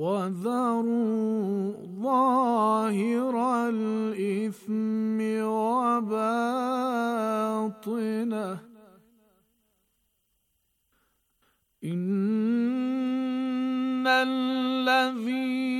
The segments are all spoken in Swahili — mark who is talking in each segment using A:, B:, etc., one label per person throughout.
A: وذروا ظاهر الإثم وباطنه إن الذين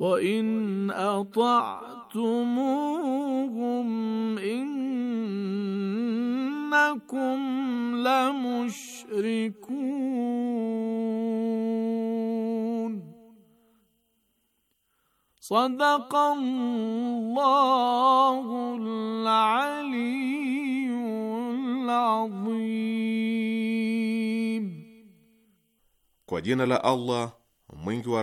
A: وإن أطعتموهم إنكم لمشركون صدق الله العلي العظيم
B: Kwa لا la Allah mwingi wa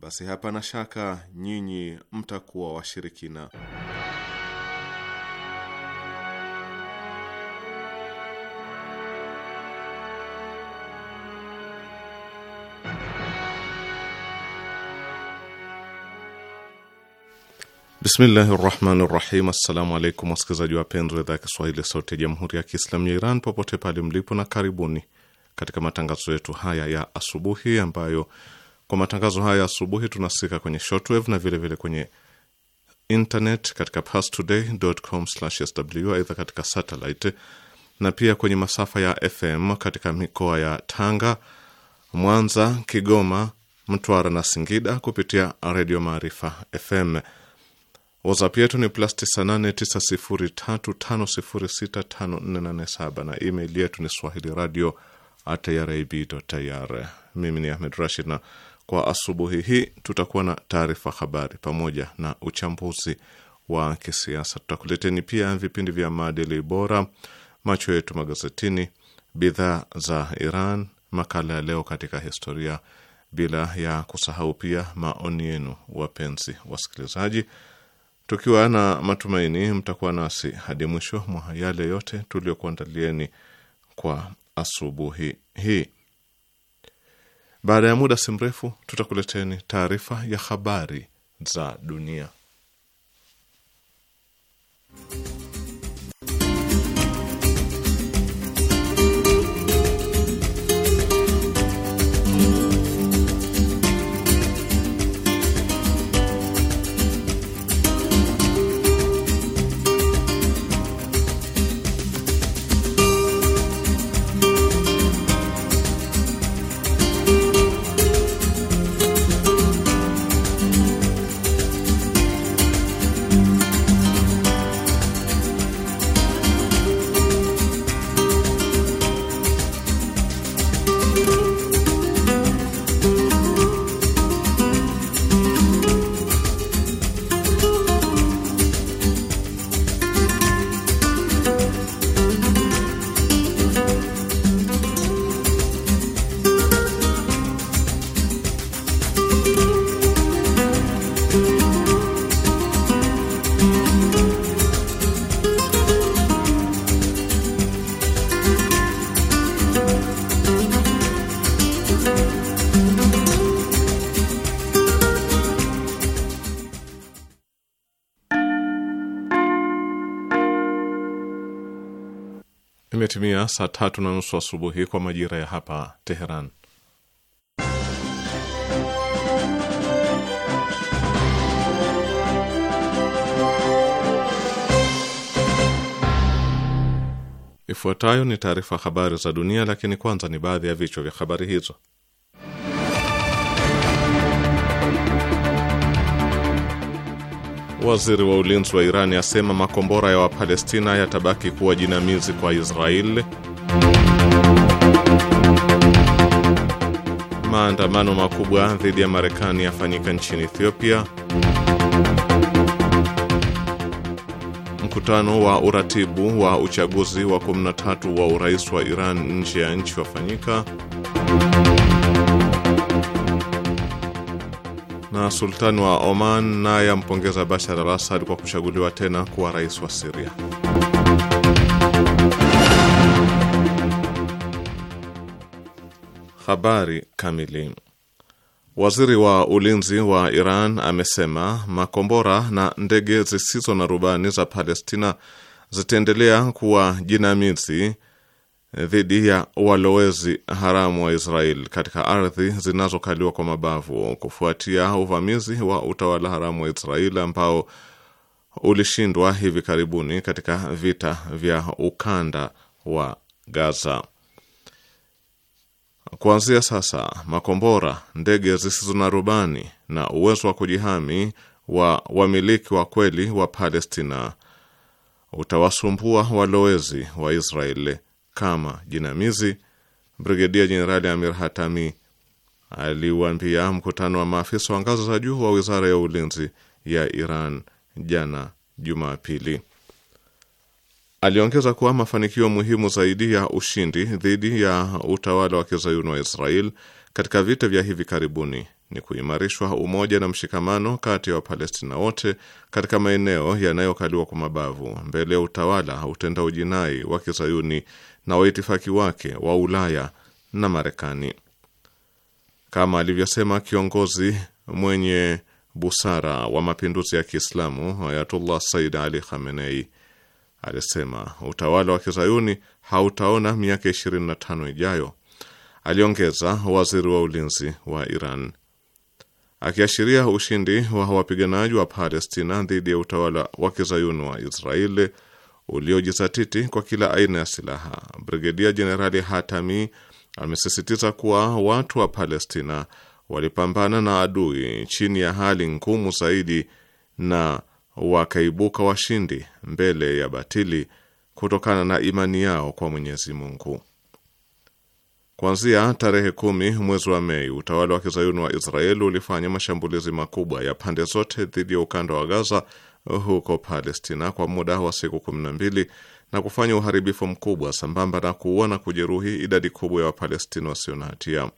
B: basi hapana shaka nyinyi mtakuwa washirikina. Bismillahi rahmani rahim. Assalamu alaikum waskilizaji wapenzi wa idhaa ya Kiswahili sauti ya jamhuri ya kiislamu ya Iran popote pale mlipo, na karibuni katika matangazo yetu haya ya asubuhi ambayo kwa matangazo haya asubuhi tunasika kwenye shortwave na vilevile vile kwenye internet katika pastoday.com/sw, aidha katika satellite na pia kwenye masafa ya FM katika mikoa ya Tanga, Mwanza, Kigoma, Mtwara na Singida kupitia Redio Maarifa FM. WhatsApp yetu ni plus 989035065487 na email yetu ni swahili radio@irib.ir. Mimi ni Ahmed Rashid na kwa asubuhi hii tutakuwa na taarifa habari pamoja na uchambuzi wa kisiasa. Tutakuleteni pia vipindi vya maadili bora, macho yetu magazetini, bidhaa za Iran, makala ya leo katika historia, bila ya kusahau pia maoni yenu, wapenzi wasikilizaji, tukiwa na matumaini mtakuwa nasi hadi mwisho mwa yale yote tuliokuandalieni kwa asubuhi hii. Baada ya muda si mrefu tutakuleteni taarifa ya habari za dunia. saa tatu na nusu asubuhi kwa majira ya hapa Teheran. Ifuatayo ni taarifa habari za dunia, lakini kwanza ni baadhi ya vichwa vya habari hizo. Waziri wa ulinzi wa Irani asema makombora ya Wapalestina yatabaki kuwa jinamizi kwa Israeli. Maandamano makubwa dhidi ya Marekani yafanyika nchini Ethiopia. Mkutano wa uratibu wa uchaguzi wa 13 wa urais wa Iran nje ya nchi wafanyika. Na sultani wa Oman naye ampongeza Bashar al Assad kwa kuchaguliwa tena kuwa rais wa Siria. Habari kamili. Waziri wa ulinzi wa Iran amesema makombora na ndege zisizo na rubani za Palestina zitaendelea kuwa jinamizi dhidi ya walowezi haramu wa Israel katika ardhi zinazokaliwa kwa mabavu kufuatia uvamizi wa utawala haramu wa Israel ambao ulishindwa hivi karibuni katika vita vya ukanda wa Gaza. Kuanzia sasa, makombora, ndege zisizo na rubani na uwezo wa kujihami wa wamiliki wa kweli wa Palestina utawasumbua walowezi wa Israeli kama jinamizi, Brigedia Jenerali Amir Hatami aliuambia mkutano wa maafisa wa ngazi za juu wa wizara ya ulinzi ya Iran jana Jumapili. Aliongeza kuwa mafanikio muhimu zaidi ya ushindi dhidi ya utawala wa kizayuni wa Israel katika vita vya hivi karibuni ni kuimarishwa umoja na mshikamano kati ya Wapalestina wote katika maeneo yanayokaliwa kwa mabavu mbele ya utawala utenda ujinai wa kizayuni na waitifaki wake wa Ulaya na Marekani. Kama alivyosema kiongozi mwenye busara wa mapinduzi ya Kiislamu Ayatullah Said Ali Khamenei, alisema utawala wa kizayuni hautaona miaka 25 ijayo. Aliongeza waziri wa ulinzi wa Iran akiashiria ushindi wa wapiganaji wa Palestina dhidi ya utawala wa kizayuni wa Israeli uliojizatiti kwa kila aina ya silaha. Brigedia Jenerali Hatami amesisitiza kuwa watu wa Palestina walipambana na adui chini ya hali ngumu zaidi na wakaibuka washindi mbele ya batili kutokana na imani yao kwa Mwenyezi Mungu. Kuanzia tarehe kumi mwezi wa Mei, utawala wa kizayuni wa Israeli ulifanya mashambulizi makubwa ya pande zote dhidi ya ukanda wa Gaza huko Palestina kwa muda wa siku kumi na mbili na kufanya uharibifu mkubwa sambamba na kuua na kujeruhi idadi kubwa ya Wapalestina wasio na hatia.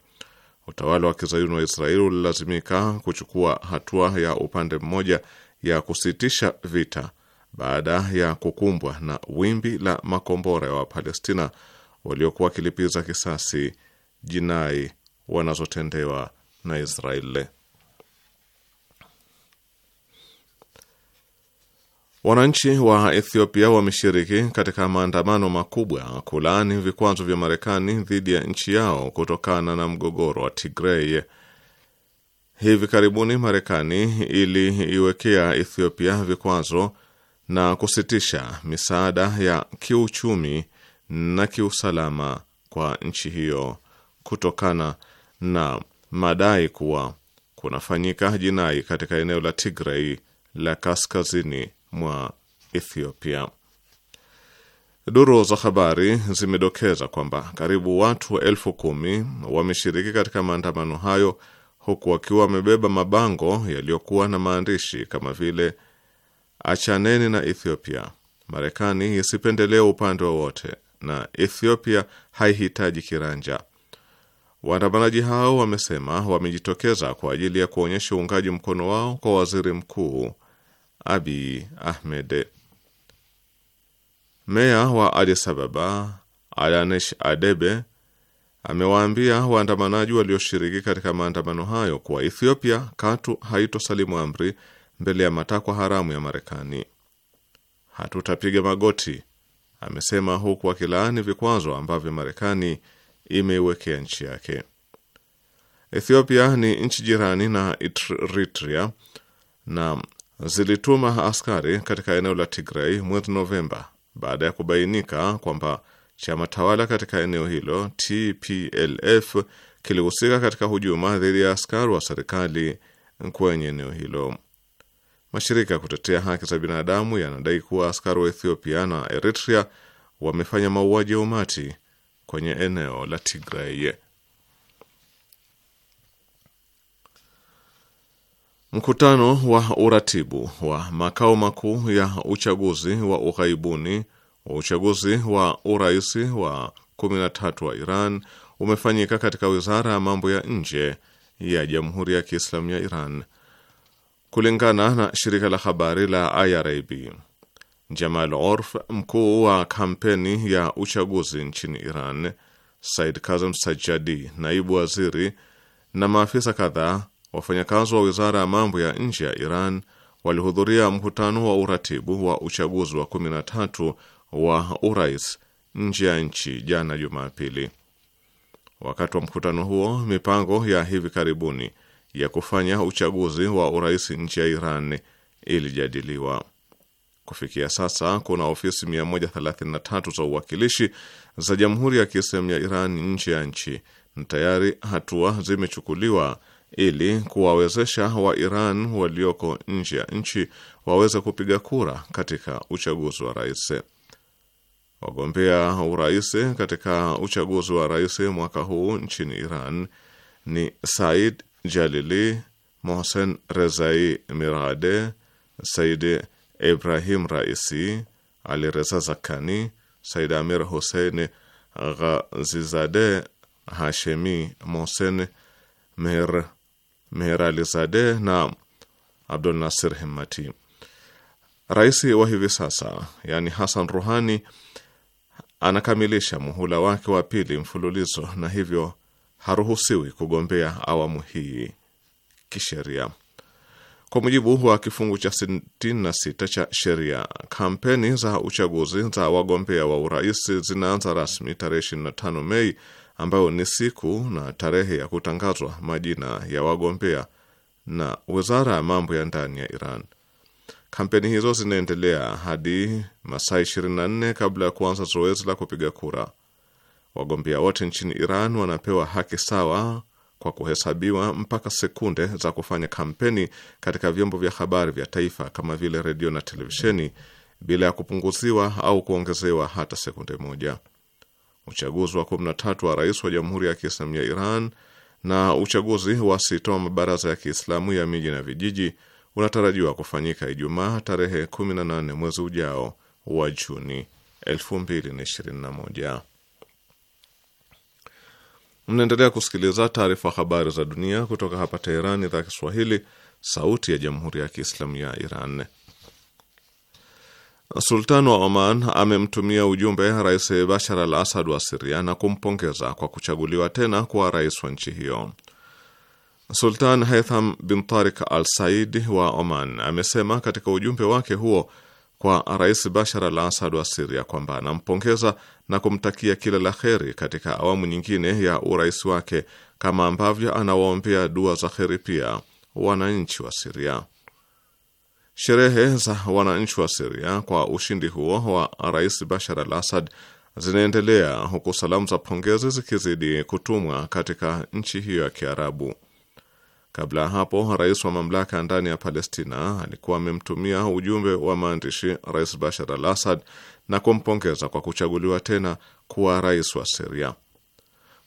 B: Utawala wa kizayuni wa Israeli ulilazimika kuchukua hatua ya upande mmoja ya kusitisha vita baada ya kukumbwa na wimbi la makombora ya Wapalestina waliokuwa wakilipiza kisasi jinai wanazotendewa na Israeli. Wananchi wa Ethiopia wameshiriki katika maandamano makubwa kulaani vikwazo vya Marekani dhidi ya nchi yao kutokana na mgogoro wa Tigrei. Hivi karibuni Marekani iliiwekea Ethiopia vikwazo na kusitisha misaada ya kiuchumi na kiusalama kwa nchi hiyo kutokana na madai kuwa kunafanyika jinai katika eneo la Tigrei la kaskazini mwa Ethiopia. Duru za habari zimedokeza kwamba karibu watu elfu kumi wameshiriki katika maandamano hayo huku wakiwa wamebeba mabango yaliyokuwa na maandishi kama vile achaneni na Ethiopia, Marekani isipendelee upande wowote, na Ethiopia haihitaji kiranja. Waandamanaji hao wamesema wamejitokeza kwa ajili ya kuonyesha uungaji mkono wao kwa waziri mkuu Abi Ahmed. Meya wa Addis Ababa Alanesh Adebe amewaambia waandamanaji walioshiriki katika maandamano hayo kuwa Ethiopia katu haitosalimu amri mbele ya matakwa haramu ya Marekani. Hatutapiga magoti, amesema huku akilaani vikwazo ambavyo Marekani imeiwekea nchi yake. Ethiopia ni nchi jirani na Eritrea na zilituma askari katika eneo la Tigray mwezi Novemba baada ya kubainika kwamba chama tawala katika eneo hilo TPLF kilihusika katika hujuma dhidi ya askari wa serikali kwenye eneo hilo. Mashirika ya kutetea haki za binadamu yanadai kuwa askari wa Ethiopia na Eritrea wamefanya mauaji ya umati kwenye eneo la Tigray. Mkutano wa uratibu wa makao makuu ya uchaguzi wa ughaibuni wa uchaguzi wa urais wa 13 wa Iran umefanyika katika wizara ya mambo ya nje ya Jamhuri ya Kiislamu ya Iran. Kulingana na shirika la habari la IRIB, Jamal Orf, mkuu wa kampeni ya uchaguzi nchini Iran, Said Kazem sajadi naibu waziri na maafisa kadhaa wafanyakazi wa wizara ya mambo ya nje ya Iran walihudhuria mkutano wa uratibu wa uchaguzi wa 13 wa urais nje ya nchi jana Jumapili. Wakati wa mkutano huo, mipango ya hivi karibuni ya kufanya uchaguzi wa urais nje ya Iran ilijadiliwa. Kufikia sasa kuna ofisi 133 za uwakilishi za Jamhuri ya Kiislamu ya Iran nje ya nchi na tayari hatua zimechukuliwa ili kuwawezesha wa iran walioko nje ya nchi waweze kupiga kura katika uchaguzi wa rais. Wagombea urais katika uchaguzi wa rais mwaka huu nchini Iran ni Said Jalili, Mohsen Rezai Mirade, Said Ibrahim Raisi, Ali Reza Zakani, Said Amir Hussein Ghazizade Hashemi, Mohsen Mir Meherali Zade na Abdul Nasir Himmati. Rais wa hivi sasa yani Hassan Ruhani anakamilisha muhula wake wa pili mfululizo na hivyo haruhusiwi kugombea awamu hii kisheria. Kwa mujibu wa kifungu cha 66 cha sheria, kampeni za uchaguzi za wagombea wa urais zinaanza rasmi tarehe 25 Mei ambayo ni siku na tarehe ya kutangazwa majina ya wagombea na wizara ya mambo ya ndani ya Iran. Kampeni hizo zinaendelea hadi masaa 24 kabla ya kuanza zoezi la kupiga kura. Wagombea wote nchini Iran wanapewa haki sawa kwa kuhesabiwa mpaka sekunde za kufanya kampeni katika vyombo vya habari vya taifa kama vile redio na televisheni bila ya kupunguziwa au kuongezewa hata sekunde moja uchaguzi wa 13 wa rais wa Jamhuri ya Kiislamu ya Iran na uchaguzi wa sita wa mabaraza ya Kiislamu ya miji na vijiji unatarajiwa kufanyika Ijumaa tarehe 18 mwezi ujao wa Juni 2021. Mnaendelea kusikiliza taarifa habari za dunia kutoka hapa Teherani, idhaa Kiswahili, sauti ya Jamhuri ya Kiislamu ya Iran. Sultan wa Oman amemtumia ujumbe Rais Bashar al Asad wa Siria na kumpongeza kwa kuchaguliwa tena kuwa rais wa nchi hiyo. Sultan Haitham bin Tarik al Said wa Oman amesema katika ujumbe wake huo kwa Rais Bashar al Asad wa Siria kwamba anampongeza na kumtakia kila la kheri katika awamu nyingine ya urais wake, kama ambavyo anawaombea dua za kheri pia wananchi wa Siria. Sherehe za wananchi wa Siria kwa ushindi huo wa Rais Bashar al Assad zinaendelea huku salamu za pongezi zikizidi kutumwa katika nchi hiyo ya Kiarabu. Kabla ya hapo, rais wa mamlaka ndani ya Palestina alikuwa amemtumia ujumbe wa maandishi Rais Bashar al Assad na kumpongeza kwa kuchaguliwa tena kuwa rais wa Siria.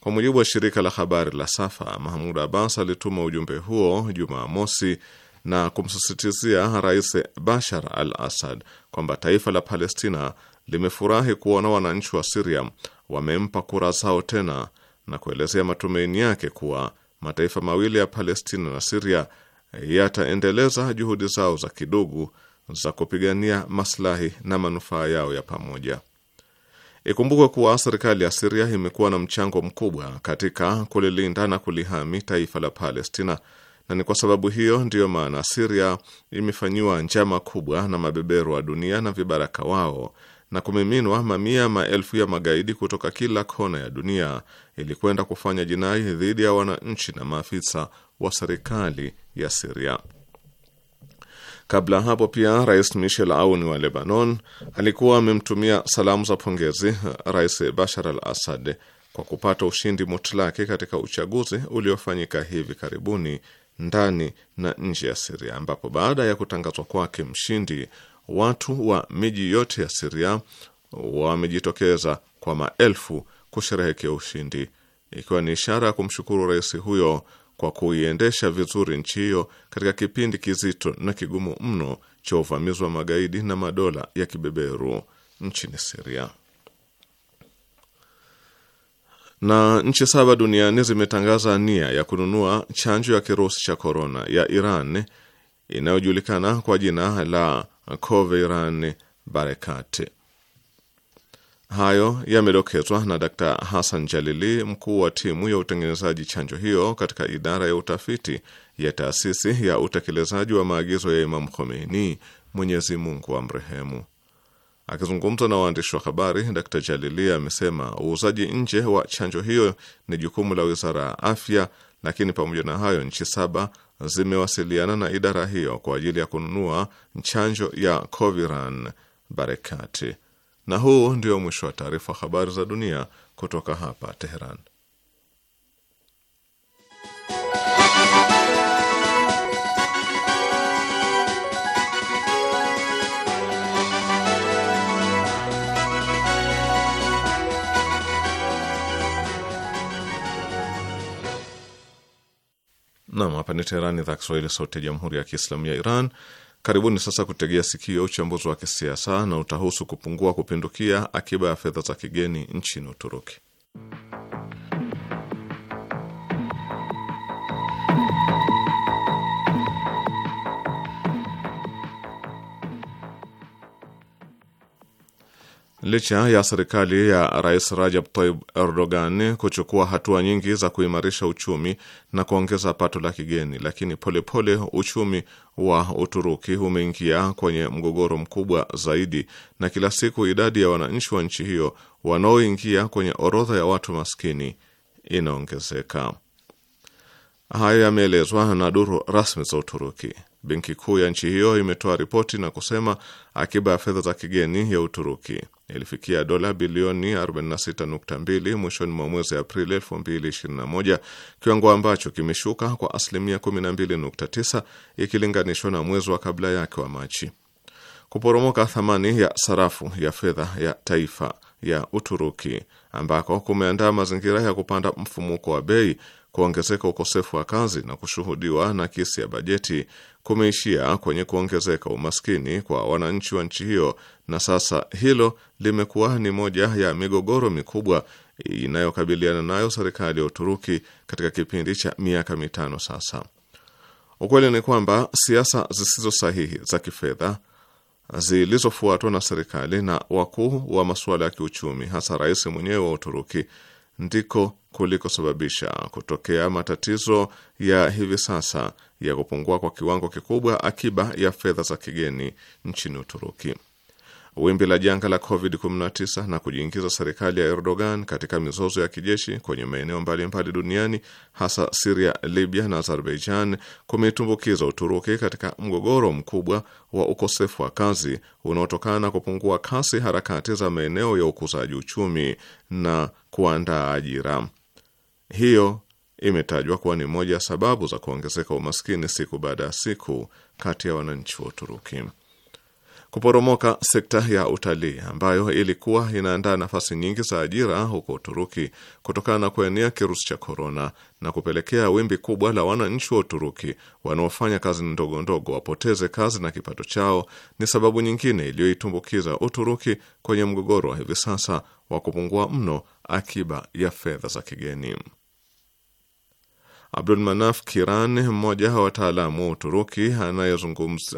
B: Kwa mujibu wa shirika la habari la Safa, Mahmud Abbas alituma ujumbe huo Jumaa mosi na kumsisitizia Rais Bashar al Assad kwamba taifa la Palestina limefurahi kuona wananchi wa Siria wamempa kura zao tena na kuelezea matumaini yake kuwa mataifa mawili ya Palestina na Siria yataendeleza juhudi zao za kidugu za kupigania maslahi na manufaa yao ya pamoja. Ikumbukwe kuwa serikali ya Siria imekuwa na mchango mkubwa katika kulilinda na kulihami taifa la Palestina na ni kwa sababu hiyo ndiyo maana Siria imefanyiwa njama kubwa na mabeberu wa dunia na vibaraka wao na kumiminwa mamia maelfu ya magaidi kutoka kila kona ya dunia ili kwenda kufanya jinai dhidi ya wananchi na maafisa wa serikali ya Siria. Kabla hapo pia Rais Michel Aoun wa Lebanon alikuwa amemtumia salamu za pongezi Rais Bashar al Assad kwa kupata ushindi mutlaki katika uchaguzi uliofanyika hivi karibuni ndani na nje ya Siria, ambapo baada ya kutangazwa kwake mshindi, watu wa miji yote ya Siria wamejitokeza kwa maelfu kusherehekea ushindi, ikiwa ni ishara ya kumshukuru rais huyo kwa kuiendesha vizuri nchi hiyo katika kipindi kizito na kigumu mno cha uvamizi wa magaidi na madola ya kibeberu nchini Siria na nchi saba duniani zimetangaza nia ya kununua chanjo ya kirusi cha korona ya Iran inayojulikana kwa jina la Coviran Barekat. Hayo yamedokezwa na Dr Hassan Jalili, mkuu wa timu ya utengenezaji chanjo hiyo katika idara ya utafiti ya taasisi ya utekelezaji wa maagizo ya Imam Khomeini, Mwenyezi Mungu amrehemu. Akizungumza na waandishi wa habari, Dkt Jalilia amesema uuzaji nje wa chanjo hiyo ni jukumu la wizara ya afya, lakini pamoja na hayo, nchi saba zimewasiliana na idara hiyo kwa ajili ya kununua chanjo ya Coviran Barekati. Na huu ndio mwisho wa taarifa habari za dunia kutoka hapa Teheran. Nam, hapa ni Teherani, idhaa Kiswahili, sauti ya jamhuri ya kiislamu ya Iran. Karibuni sasa kutegea sikio uchambuzi wa kisiasa na utahusu kupungua kupindukia akiba ya fedha za kigeni nchini Uturuki. Licha ya serikali ya Rais Rajab Tayyip Erdogan kuchukua hatua nyingi za kuimarisha uchumi na kuongeza pato la kigeni, lakini polepole pole uchumi wa Uturuki umeingia kwenye mgogoro mkubwa zaidi, na kila siku idadi ya wananchi wa nchi hiyo wanaoingia kwenye orodha ya watu maskini inaongezeka. Hayo yameelezwa na duru rasmi za Uturuki. Benki kuu ya nchi hiyo imetoa ripoti na kusema akiba ya fedha za kigeni ya Uturuki ilifikia dola bilioni 46.2 mwishoni mwa mwezi Aprili 2021, kiwango ambacho kimeshuka kwa asilimia 12.9 ikilinganishwa na mwezi wa kabla yake wa Machi. Kuporomoka thamani ya sarafu ya fedha ya taifa ya Uturuki ambako kumeandaa mazingira ya kupanda mfumuko wa bei, kuongezeka ukosefu wa kazi na kushuhudiwa na kisi ya bajeti kumeishia kwenye kuongezeka umaskini kwa wananchi wa nchi hiyo, na sasa hilo limekuwa ni moja ya migogoro mikubwa inayokabiliana nayo serikali ya Uturuki katika kipindi cha miaka mitano sasa. Ukweli ni kwamba siasa zisizo sahihi za kifedha zilizofuatwa na serikali na wakuu wa masuala ya kiuchumi, hasa rais mwenyewe wa Uturuki, ndiko kulikosababisha kutokea matatizo ya hivi sasa ya kupungua kwa kiwango kikubwa akiba ya fedha za kigeni nchini Uturuki. Wimbi la janga la COVID-19 na kujiingiza serikali ya Erdogan katika mizozo ya kijeshi kwenye maeneo mbalimbali duniani hasa Siria, Libya na Azerbaijan kumetumbukiza Uturuki katika mgogoro mkubwa wa ukosefu wa kazi unaotokana na kupungua kasi harakati za maeneo ya ukuzaji uchumi na kuandaa ajira. Hiyo imetajwa kuwa ni moja ya sababu za kuongezeka umaskini siku baada ya siku kati ya wananchi wa Uturuki. Kuporomoka sekta ya utalii ambayo ilikuwa inaandaa nafasi nyingi za ajira huko Uturuki kutokana na kuenea kirusi cha korona na kupelekea wimbi kubwa la wananchi wa Uturuki wanaofanya kazi ndogo ndogo wapoteze kazi na kipato chao ni sababu nyingine iliyoitumbukiza Uturuki kwenye mgogoro wa hivi sasa wa kupungua mno akiba ya fedha za kigeni. Abdul Manaf Kiran, mmoja wa wataalamu wa Uturuki,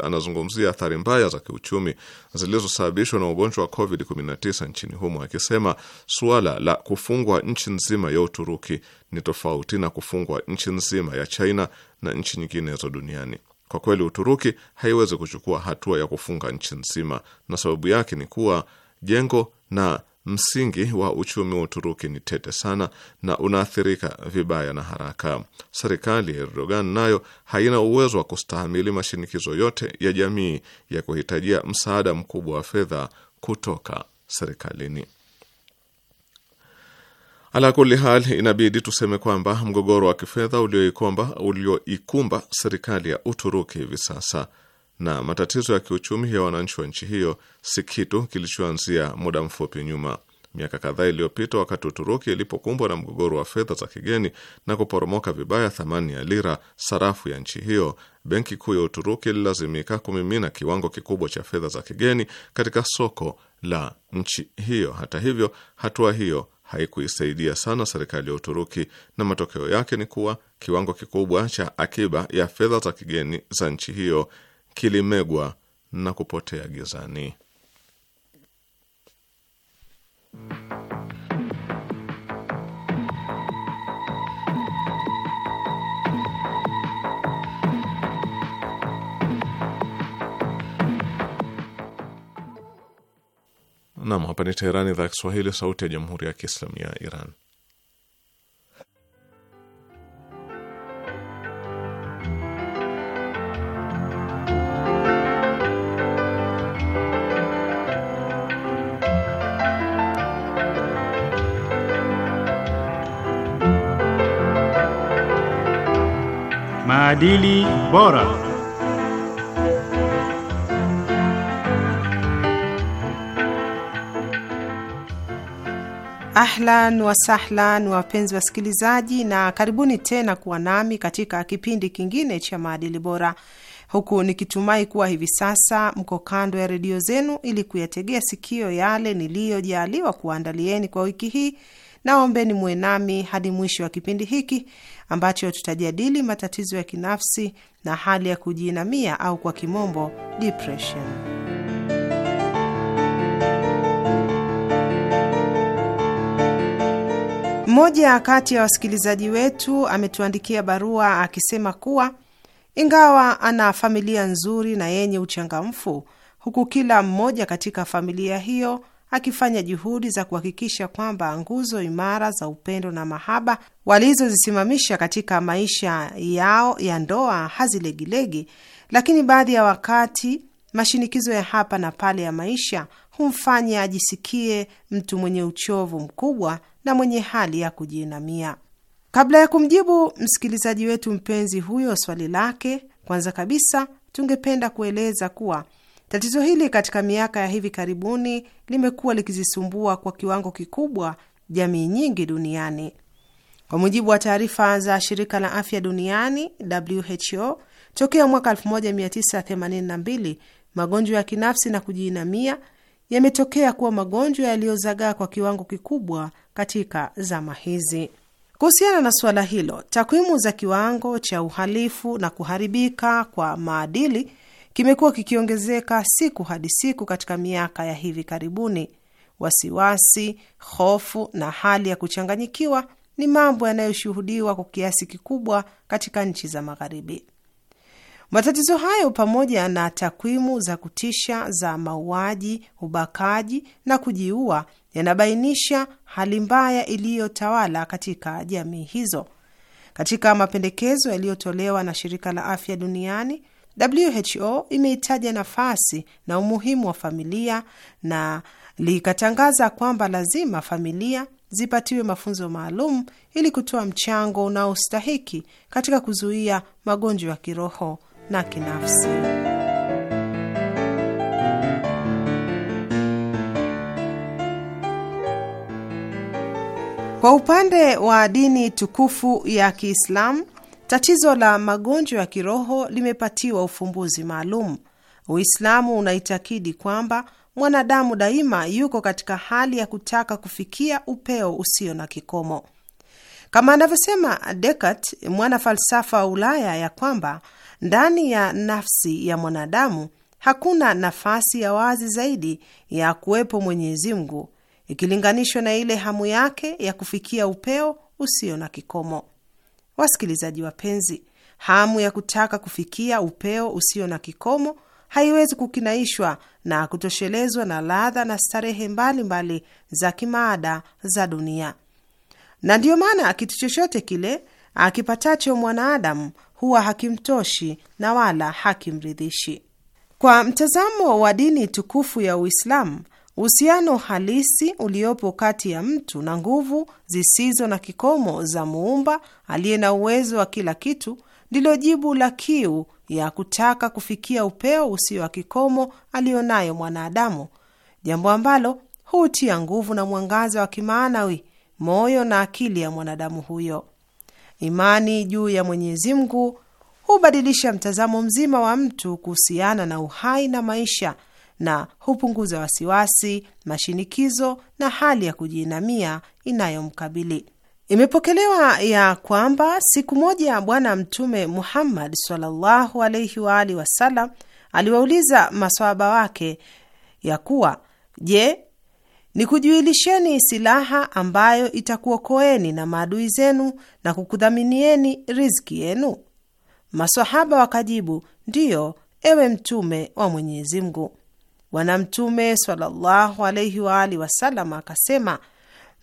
B: anazungumzia athari mbaya za kiuchumi zilizosababishwa na ugonjwa wa COVID-19 nchini humo, akisema suala la kufungwa nchi nzima ya Uturuki ni tofauti na kufungwa nchi nzima ya China na nchi nyinginezo duniani. Kwa kweli, Uturuki haiwezi kuchukua hatua ya kufunga nchi nzima, na sababu yake ni kuwa jengo na msingi wa uchumi wa Uturuki ni tete sana na unaathirika vibaya na haraka. Serikali ya Erdogan nayo haina uwezo wa kustahimili mashinikizo yote ya jamii ya kuhitajia msaada mkubwa wa fedha kutoka serikalini. Ala kuli hal, inabidi tuseme kwamba mgogoro wa kifedha ulioikumba ulioikumba serikali ya Uturuki hivi sasa na matatizo ya kiuchumi ya wananchi wa nchi hiyo si kitu kilichoanzia muda mfupi nyuma. Miaka kadhaa iliyopita, wakati Uturuki ilipokumbwa na mgogoro wa fedha za kigeni na kuporomoka vibaya thamani ya lira, sarafu ya nchi hiyo, benki kuu ya Uturuki ililazimika kumimina kiwango kikubwa cha fedha za kigeni katika soko la nchi hiyo. Hata hivyo, hatua hiyo haikuisaidia sana serikali ya Uturuki na matokeo yake ni kuwa kiwango kikubwa cha akiba ya fedha za kigeni za nchi hiyo kilimegwa na kupotea gizani. Nam, hapa ni Teherani, idhaa ya Kiswahili, sauti ya jamhuri ya kiislamu ya Iran.
C: Maadili bora.
D: Ahlan wasahlan, wapenzi wasikilizaji, na karibuni tena kuwa nami katika kipindi kingine cha maadili bora, huku nikitumai kuwa hivi sasa mko kando ya redio zenu ili kuyategea sikio yale niliyojaaliwa kuwaandalieni kwa wiki hii Naombeni muwe nami hadi mwisho wa kipindi hiki ambacho tutajadili matatizo ya kinafsi na hali ya kujiinamia au kwa kimombo depression. Mmoja kati ya wasikilizaji wetu ametuandikia barua akisema kuwa ingawa ana familia nzuri na yenye uchangamfu, huku kila mmoja katika familia hiyo akifanya juhudi za kuhakikisha kwamba nguzo imara za upendo na mahaba walizozisimamisha katika maisha yao ya ndoa hazilegilegi, lakini baadhi ya wakati mashinikizo ya hapa na pale ya maisha humfanya ajisikie mtu mwenye uchovu mkubwa na mwenye hali ya kujiinamia. Kabla ya kumjibu msikilizaji wetu mpenzi huyo swali lake, kwanza kabisa tungependa kueleza kuwa Tatizo hili katika miaka ya hivi karibuni limekuwa likizisumbua kwa kiwango kikubwa jamii nyingi duniani. Kwa mujibu wa taarifa za shirika la afya duniani WHO, tokea mwaka 1982 magonjwa ya kinafsi na kujiinamia yametokea kuwa magonjwa yaliyozagaa kwa kiwango kikubwa katika zama hizi. Kuhusiana na suala hilo, takwimu za kiwango cha uhalifu na kuharibika kwa maadili kimekuwa kikiongezeka siku hadi siku katika miaka ya hivi karibuni. Wasiwasi, hofu na hali ya kuchanganyikiwa ni mambo yanayoshuhudiwa kwa kiasi kikubwa katika nchi za Magharibi. Matatizo hayo pamoja na takwimu za kutisha za mauaji, ubakaji na kujiua yanabainisha hali mbaya iliyotawala katika jamii hizo. Katika mapendekezo yaliyotolewa na Shirika la Afya Duniani WHO imeitaja nafasi na umuhimu wa familia na likatangaza kwamba lazima familia zipatiwe mafunzo maalum ili kutoa mchango unaostahiki katika kuzuia magonjwa ya kiroho na kinafsi. Kwa upande wa dini tukufu ya Kiislamu Tatizo la magonjwa ya kiroho limepatiwa ufumbuzi maalum. Uislamu unaitakidi kwamba mwanadamu daima yuko katika hali ya kutaka kufikia upeo usio na kikomo, kama anavyosema Descartes, mwana falsafa wa Ulaya, ya kwamba ndani ya nafsi ya mwanadamu hakuna nafasi ya wazi zaidi ya kuwepo Mwenyezi Mungu ikilinganishwa na ile hamu yake ya kufikia upeo usio na kikomo. Wasikilizaji wapenzi, hamu ya kutaka kufikia upeo usio na kikomo haiwezi kukinaishwa na kutoshelezwa na ladha na starehe mbalimbali mbali za kimaada za dunia, na ndiyo maana kitu chochote kile akipatacho mwanaadamu huwa hakimtoshi na wala hakimridhishi. Kwa mtazamo wa dini tukufu ya Uislamu, Uhusiano halisi uliopo kati ya mtu na nguvu zisizo na kikomo za muumba aliye na uwezo wa kila kitu ndilo jibu la kiu ya kutaka kufikia upeo usio wa kikomo aliyonayo mwanadamu, jambo ambalo hutia nguvu na mwangaza wa kimaanawi moyo na akili ya mwanadamu huyo. Imani juu ya Mwenyezi Mungu hubadilisha mtazamo mzima wa mtu kuhusiana na uhai na maisha na hupunguza wasiwasi, mashinikizo na hali ya kujiinamia inayomkabili. Imepokelewa ya kwamba siku moja Bwana Mtume Muhammad sallallahu alaihi wa alihi wasallam aliwauliza maswahaba wake ya kuwa, je, nikujuilisheni silaha ambayo itakuokoeni na maadui zenu na kukudhaminieni riziki yenu? Maswahaba wakajibu, ndiyo, ewe Mtume wa Mwenyezi Mungu. Bwana Mtume sallallahu alaihi wasallam akasema,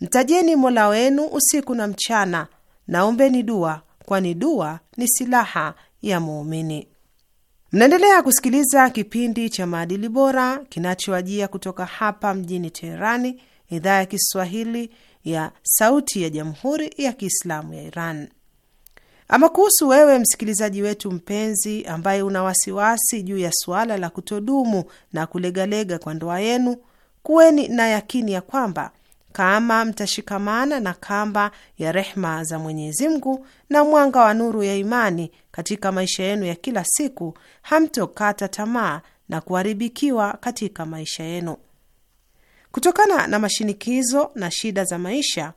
D: mtajeni mola wenu usiku na mchana, naombeni dua, kwani dua ni silaha ya muumini. Mnaendelea kusikiliza kipindi cha maadili bora kinachoajia kutoka hapa mjini Teherani, idhaa ya Kiswahili ya Sauti ya Jamhuri ya Kiislamu ya Iran. Ama kuhusu wewe msikilizaji wetu mpenzi, ambaye una wasiwasi juu ya suala la kutodumu na kulegalega kwa ndoa yenu, kuweni na yakini ya kwamba kama mtashikamana na kamba ya rehma za Mwenyezi Mungu na mwanga wa nuru ya imani katika maisha yenu ya kila siku, hamtokata tamaa na kuharibikiwa katika maisha yenu. Kutokana na mashinikizo na shida za maisha,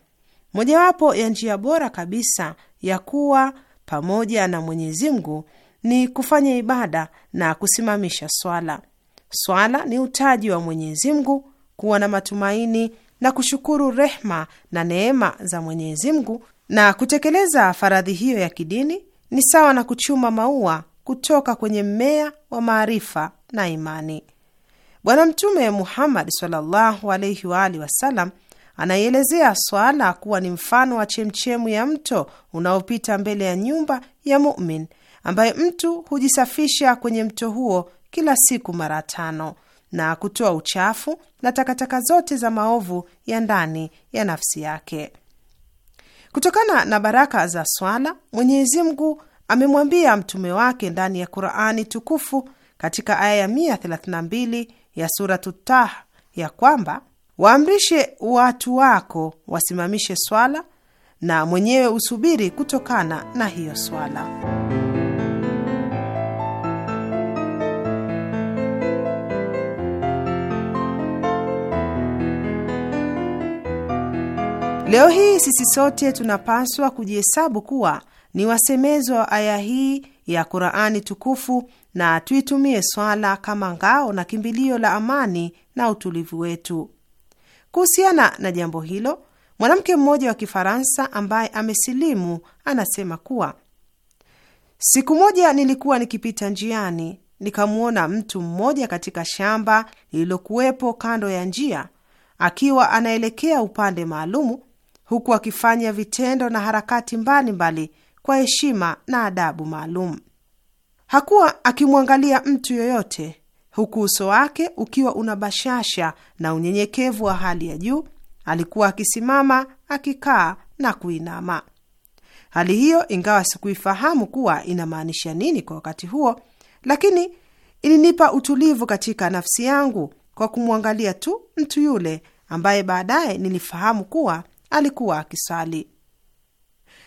D: mojawapo ya njia bora kabisa ya kuwa pamoja na Mwenyezi Mungu ni kufanya ibada na kusimamisha swala. Swala ni utaji wa Mwenyezi Mungu, kuwa na matumaini na kushukuru rehma na neema za Mwenyezi Mungu, na kutekeleza faradhi hiyo ya kidini ni sawa na kuchuma maua kutoka kwenye mmea wa maarifa na imani. Bwana Mtume Muhammad sallallahu alaihi waalihi alihi wa Anaielezea swala kuwa ni mfano wa chemchemu ya mto unaopita mbele ya nyumba ya mumin, ambaye mtu hujisafisha kwenye mto huo kila siku mara tano na kutoa uchafu na takataka zote za maovu ya ndani ya nafsi yake. Kutokana na baraka za swala, Mwenyezi Mungu amemwambia mtume wake ndani ya Qurani tukufu katika aya ya 132 ya Suratu Tah ya kwamba Waamrishe watu wako wasimamishe swala na mwenyewe usubiri kutokana na hiyo swala. Leo hii sisi sote tunapaswa kujihesabu kuwa ni wasemezwa wa aya hii ya Qur'ani tukufu na tuitumie swala kama ngao na kimbilio la amani na utulivu wetu. Kuhusiana na jambo hilo, mwanamke mmoja wa Kifaransa ambaye amesilimu anasema kuwa siku moja nilikuwa nikipita njiani nikamwona mtu mmoja katika shamba lililokuwepo kando ya njia akiwa anaelekea upande maalumu huku akifanya vitendo na harakati mbalimbali mbali kwa heshima na adabu maalum. Hakuwa akimwangalia mtu yoyote huku uso wake ukiwa una bashasha na unyenyekevu wa hali ya juu. Alikuwa akisimama, akikaa na kuinama. Hali hiyo, ingawa sikuifahamu kuwa inamaanisha nini kwa wakati huo, lakini ilinipa utulivu katika nafsi yangu kwa kumwangalia tu mtu yule ambaye baadaye nilifahamu kuwa alikuwa akisali,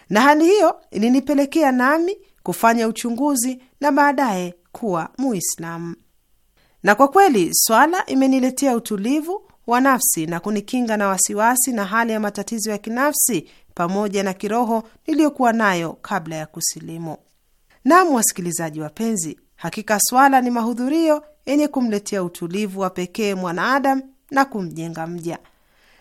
D: na hali hiyo ilinipelekea nami kufanya uchunguzi na baadaye kuwa Muislamu na kwa kweli swala imeniletea utulivu wa nafsi na kunikinga na wasiwasi na hali ya matatizo ya kinafsi pamoja na kiroho niliyokuwa nayo kabla ya kusilimu. Naam, wasikilizaji wapenzi, hakika swala ni mahudhurio yenye kumletea utulivu wa pekee mwanaadam na kumjenga mja.